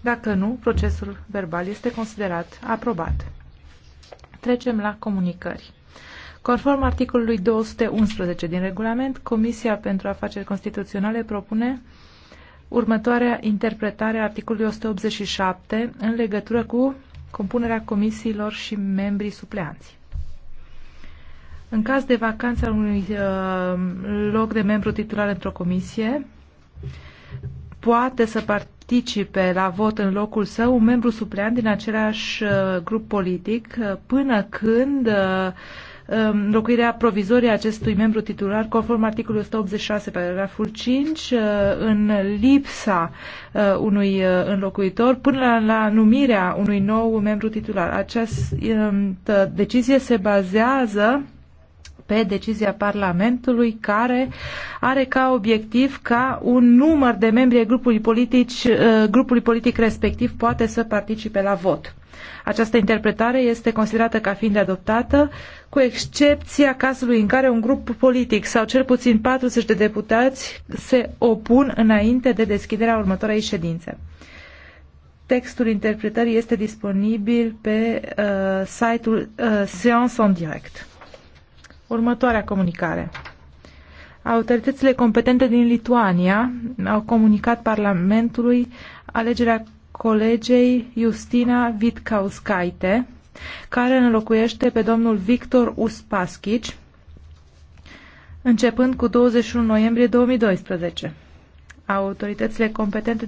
Dacă nu, procesul verbal este considerat aprobat. Trecem la comunicări. Conform articolului 211 din regulament, Comisia pentru Afaceri Constituționale propune următoarea interpretare a articolului 187 în legătură cu compunerea comisiilor și membrii supleanți. În caz de vacanță a unui uh, loc de membru titular într-o comisie, poate să participe participe la vot în locul său un membru supleant din același uh, grup politic uh, până când uh, um, înlocuirea provizorie a acestui membru titular, conform articolului 186, paragraful 5, în lipsa unui înlocuitor până la numirea unui nou membru titular. Această decizie se bazează pe decizia Parlamentului care are ca obiectiv ca un număr de membri ai grupului, politic uh, grupului politic respectiv poate să participe la vot. Această interpretare este considerată ca fiind adoptată, cu excepția cazului în care un grup politic sau cel puțin 40 de deputați se opun înainte de deschiderea următoarei ședințe. Textul interpretării este disponibil pe uh, site-ul uh, Seance on Direct. Următoarea comunicare. Autoritățile competente din Lituania au comunicat Parlamentului alegerea colegei Justina Vitkauskaite, care înlocuiește pe domnul Victor Uspaschici, începând cu 21 noiembrie 2012. Autoritățile competente